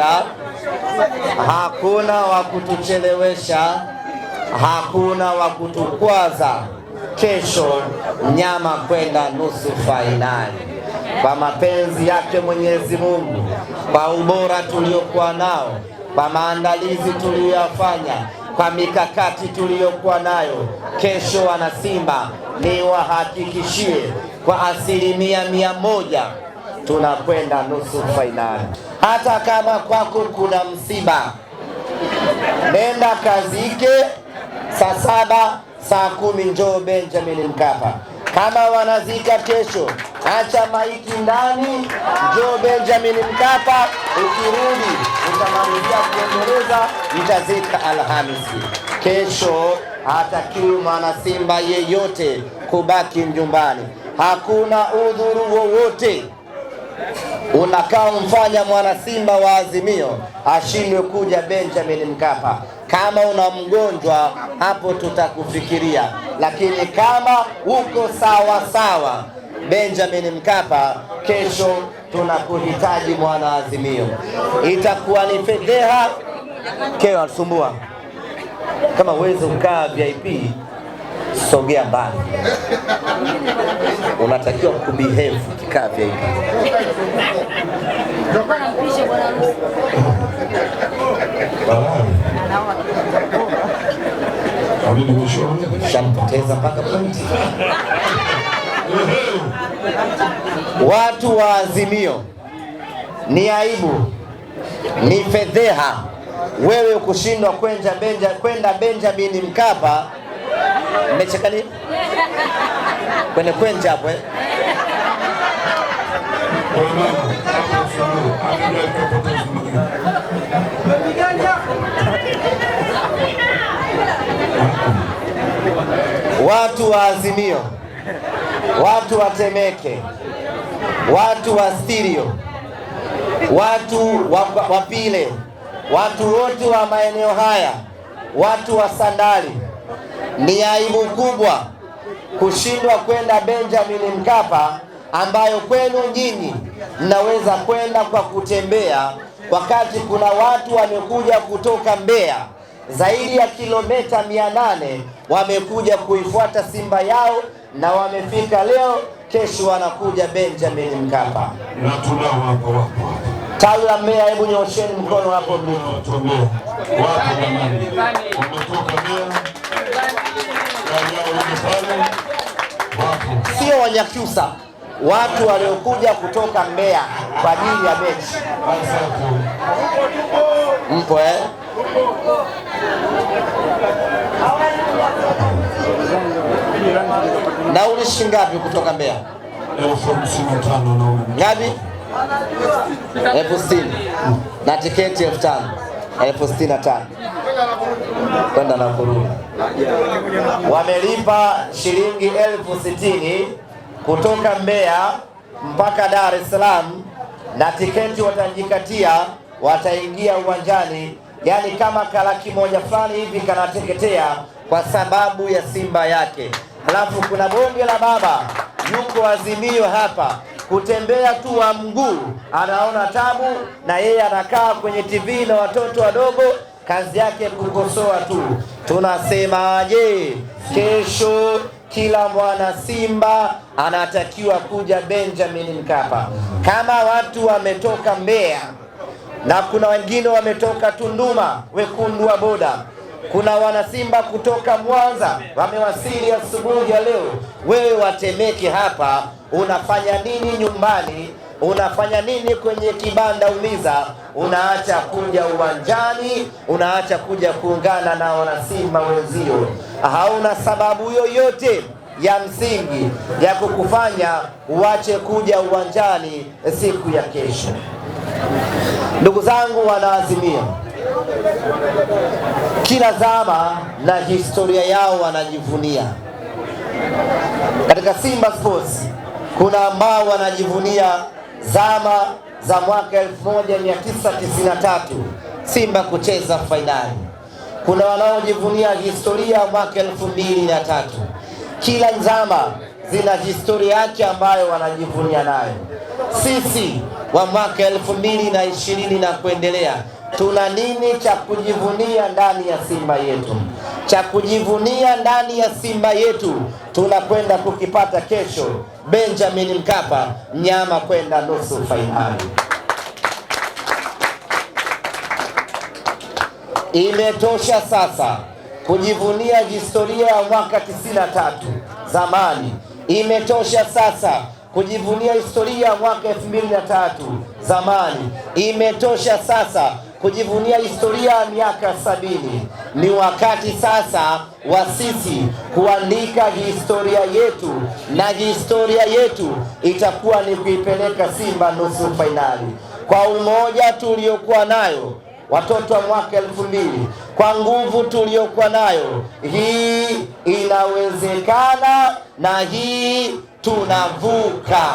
kutuzuia, hakuna wa kutuchelewesha, hakuna wa kutukwaza. Kesho nyama kwenda nusu fainali. Kwa mapenzi yake Mwenyezi Mungu, kwa ubora tuliokuwa nao, kwa maandalizi tuliyoyafanya, kwa mikakati tuliyokuwa nayo, kesho wanasimba, wahakikishie kwa asilimia mia moja tunakwenda nusu fainali. Hata kama kwako kuna msiba, nenda kazike saa saba saa kumi, njoo Benjamin Mkapa. Kama wanazika kesho, acha maiti ndani, njoo Benjamin Mkapa. Ukirudi utamalizia kuendeleza, mtazika Alhamisi. Kesho hatakiwi mwana Simba yeyote kubaki nyumbani, hakuna udhuru wowote mfanya mwana Simba wa Azimio ashindwe kuja Benjamin Mkapa. Kama una mgonjwa hapo, tutakufikiria, lakini kama uko sawa sawa Benjamin Mkapa kesho tunakuhitaji mwana Azimio, itakuwa ni fedheha. Keo asumbua kama uweze ukaa VIP sogea mbali, unatakiwa kubehave kikavya hivi. Shampoteza mpaka pointi. Watu wa Azimio, ni aibu, ni fedheha wewe kushindwa kwenda Benjamin Mkapa Mmechekalia kwenye kwenje hapo eh? Watu wa Azimio, watu wa Temeke, watu wa Stirio, watu wa Wapile, watu wote wa maeneo haya, watu wa Sandali ni aibu kubwa kushindwa kwenda Benjamin Mkapa, ambayo kwenu nyinyi mnaweza kwenda kwa kutembea, wakati kuna watu wamekuja kutoka Mbeya zaidi ya kilomita mia nane wamekuja kuifuata Simba yao na wamefika leo, kesho wanakuja Benjamin Mkapa na tunao hapo tawi la Mbeya. Hebu nyosheni mkono hapo, wametoka Mbeya sio Wanyakyusa, watu waliokuja kutoka Mbeya kwa ajili ya mechi. Mpo eh? Nauli ulishi ngapi kutoka Mbeya? ngapi? elfu sitini na tiketi elfu tano elfu sitini na tano kwenda na kurudi. Wamelipa shilingi elfu sitini kutoka Mbeya mpaka Dar es Salaam, na tiketi watajikatia, wataingia uwanjani. Yaani kama kalaki moja fulani hivi kanateketea kwa sababu ya Simba yake. Halafu kuna bonge la baba yuko Azimio hapa kutembea tu wa mguu anaona tabu, na yeye anakaa kwenye TV na watoto wadogo kazi yake kukosoa tu. Tunasemaje? Kesho kila mwana Simba anatakiwa kuja Benjamin Mkapa. Kama watu wametoka Mbeya na kuna wengine wametoka Tunduma, wekundu wa boda kuna wanasimba kutoka Mwanza wamewasili asubuhi ya, ya leo. Wewe watemeke hapa, unafanya nini nyumbani? Unafanya nini kwenye kibanda? Uliza unaacha kuja uwanjani, unaacha kuja kuungana na wanasimba wenzio. Hauna sababu yoyote ya msingi ya kukufanya uache kuja uwanjani siku ya kesho. Ndugu zangu wanaazimia, kila zama na historia yao wanajivunia. Katika Simba Sports kuna ambao wanajivunia zama za mwaka 1993 Simba kucheza fainali. Kuna wanaojivunia historia ya mwaka 2003. Kila zama zina historia yake ambayo wanajivunia nayo. Sisi wa mwaka elfu mbili na ishirini na kuendelea tuna nini cha kujivunia ndani ya Simba yetu? cha kujivunia ndani ya Simba yetu tunakwenda kukipata kesho Benjamin Mkapa, mnyama kwenda nusu fainali. Imetosha sasa kujivunia historia ya mwaka tisini na tatu zamani. Imetosha sasa kujivunia historia ya mwaka elfu mbili na tatu zamani. Imetosha sasa kujivunia historia ya miaka sabini. Ni wakati sasa wa sisi kuandika historia yetu, na historia yetu itakuwa ni kuipeleka Simba nusu fainali kwa umoja tuliokuwa nayo watoto wa mwaka elfu mbili kwa nguvu tuliyokuwa nayo. Hii inawezekana na hii tunavuka.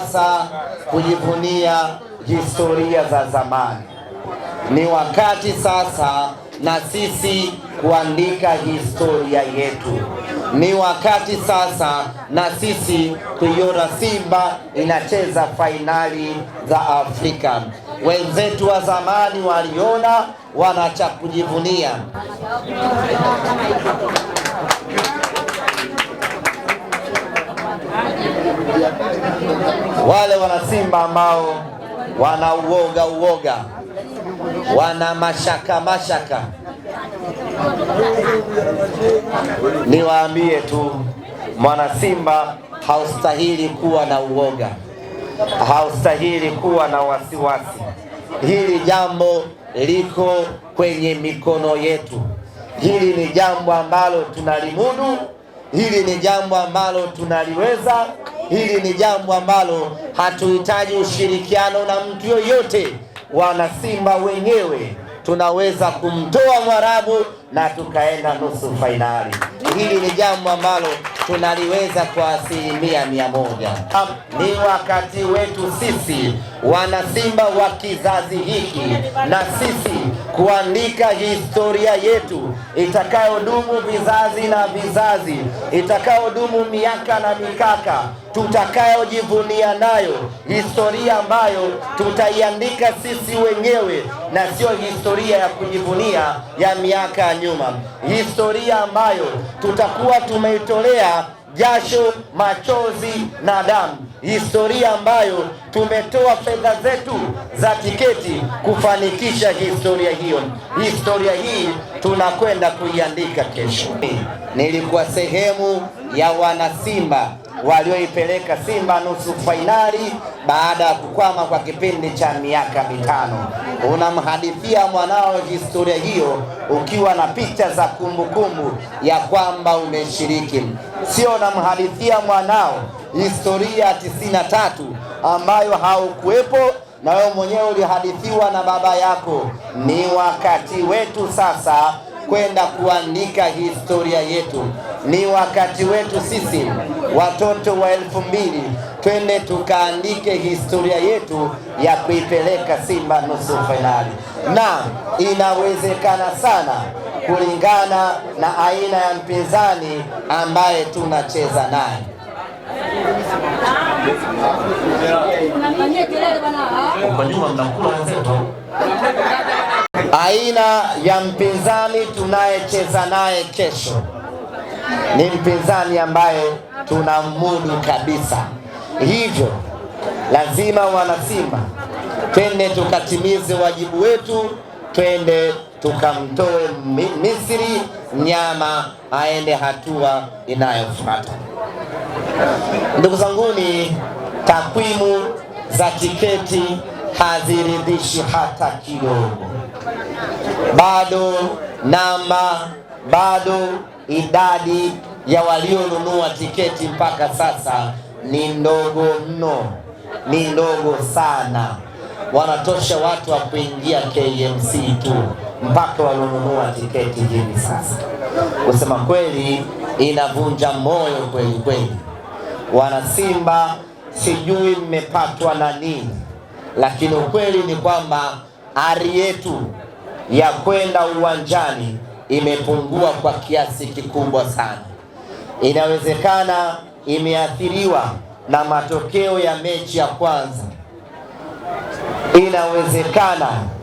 sasa kujivunia historia za zamani. Ni wakati sasa na sisi kuandika historia yetu. Ni wakati sasa na sisi kuiona Simba inacheza fainali za Afrika. Wenzetu wa zamani waliona, wanachakujivunia kujivunia. wale wanasimba ambao wana uoga uoga, wana mashaka mashaka, niwaambie tu, mwanasimba haustahili kuwa na uoga, haustahili kuwa na wasiwasi. Hili jambo liko kwenye mikono yetu. Hili ni jambo ambalo tunalimudu, hili ni jambo ambalo tunaliweza. Hili ni jambo ambalo hatuhitaji ushirikiano na mtu yoyote, wana Simba wenyewe tunaweza kumtoa Mwarabu na tukaenda nusu fainali. Hili ni jambo ambalo tunaliweza kwa asilimia mia moja. Ni wakati wetu sisi wana Simba wa kizazi hiki na sisi kuandika historia yetu itakayodumu vizazi na vizazi, itakayodumu miaka na mikaka, tutakayojivunia nayo, historia ambayo tutaiandika sisi wenyewe na sio historia ya kujivunia ya miaka ya nyuma, historia ambayo tutakuwa tumeitolea jasho, machozi na damu, historia ambayo tumetoa fedha zetu za tiketi kufanikisha historia hiyo. Historia hii tunakwenda kuiandika kesho. Nilikuwa sehemu ya wanasimba walioipeleka Simba nusu fainali baada ya kukwama kwa kipindi cha miaka mitano. Unamhadithia mwanao historia hiyo ukiwa na picha za kumbukumbu kumbu ya kwamba umeshiriki, sio unamhadithia mwanao historia tisina tisini na tatu ambayo haukuwepo na wewe mwenyewe ulihadithiwa na baba yako. Ni wakati wetu sasa kwenda kuandika historia yetu. Ni wakati wetu sisi watoto wa elfu mbili twende tukaandike historia yetu ya kuipeleka Simba nusu fainali, na inawezekana sana kulingana na aina ya mpinzani ambaye tunacheza naye aina ya mpinzani tunayecheza naye kesho ni mpinzani ambaye tunamudu kabisa, hivyo lazima wanasimba, twende tukatimize wajibu wetu, twende tukamtoe Misri nyama aende hatua inayofuata. Ndugu zanguni, takwimu za tiketi haziridhishi hata kidogo. Bado namba, bado idadi ya walionunua tiketi mpaka sasa ni ndogo mno, ni ndogo sana. Wanatosha watu wa kuingia KMC tu mpaka walionunua tiketi hivi sasa. Kusema kweli, inavunja moyo kweli kweli. Wanasimba, sijui mmepatwa na nini lakini ukweli ni kwamba ari yetu ya kwenda uwanjani imepungua kwa kiasi kikubwa sana. Inawezekana imeathiriwa na matokeo ya mechi ya kwanza, inawezekana